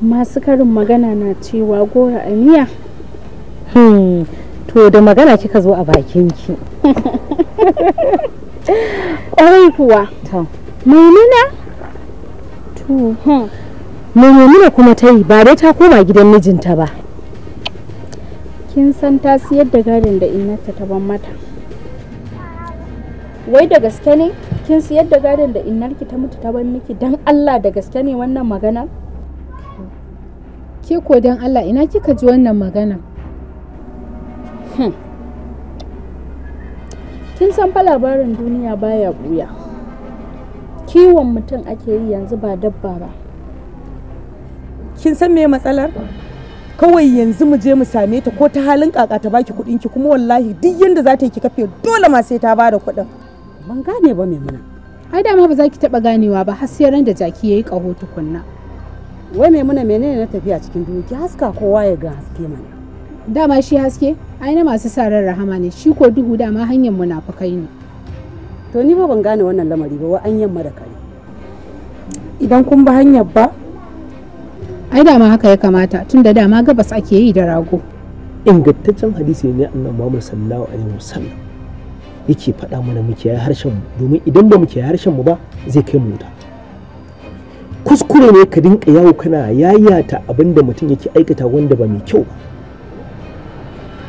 masu karin magana na cewa gora a miya hmm, to da magana kika zo a bakinki ƙwarai kuwa maimuna to hmm. maimuna kuma ta yi ba dai ta koma gidan mijinta ba kin san ta siyar da da inata ta ban mata wai da gaske ne kin siyar da gadon da inarki ta mutu ta ban miki dan allah da gaske ne wannan maganar ke ko don Allah ina kika ji wannan magana hmm. kin san fa labarin duniya baya buya kiwon mutum ake yi yanzu ba dabba ba kin san me matsalar kawai yanzu mu je mu same ta ko ta halin kaka ta baki kudin ki kuma wallahi duk yanda za ta yi ki kafe dole ma sai ta bada kudin ban gane ba maimuna ai dama ba za ki taɓa ganewa ba har sai da jaki yayi kaho tukunna wai mai muna menene na tafiya cikin duhu ki haska kowa ya ga haske mana dama shi haske ai na masu sa ran rahama ne shi ko duhu dama hanyar munafukai ne to ni ba ban gane wannan lamari ba wa an yamma da kare idan kun ba hanyar ba ai dama haka ya kamata tun da dama gabas ake yi da rago ingantaccen hadisi ne annabi Muhammad sallallahu alaihi wasallam yake faɗa mana muke harshen mu domin idan ba muke harshen mu ba zai kai mu wuta kuskure ne ka dinka yawo kana yayata abin da mutum yake aikata wanda ba mai kyau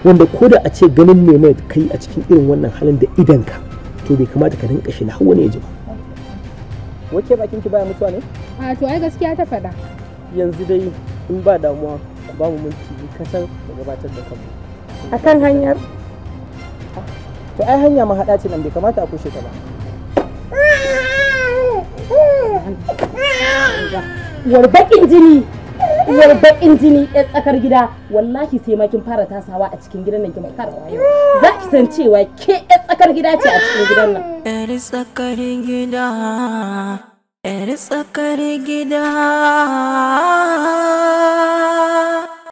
ba wanda ko da a ce ganin ne mai kai a cikin irin wannan halin da ka to bai kamata ka dinka shi na hawa ne ya ji ba wace bakin ki baya mutuwa ne a to ai gaskiya ta faɗa yanzu dai in ba damuwa ku ba mu minti kasar da gabatar da kanmu akan hanyar to ai hanya mahaɗa ce nan bai kamata a kushe ta ba Aisha war jini uwar jini tsakar gida wallahi sai ma fara tasawa a cikin gidan nan kin fara wayo za ki san cewa ke yan tsakar gida ce a cikin gidan nan yar tsakar gida yar tsakar gida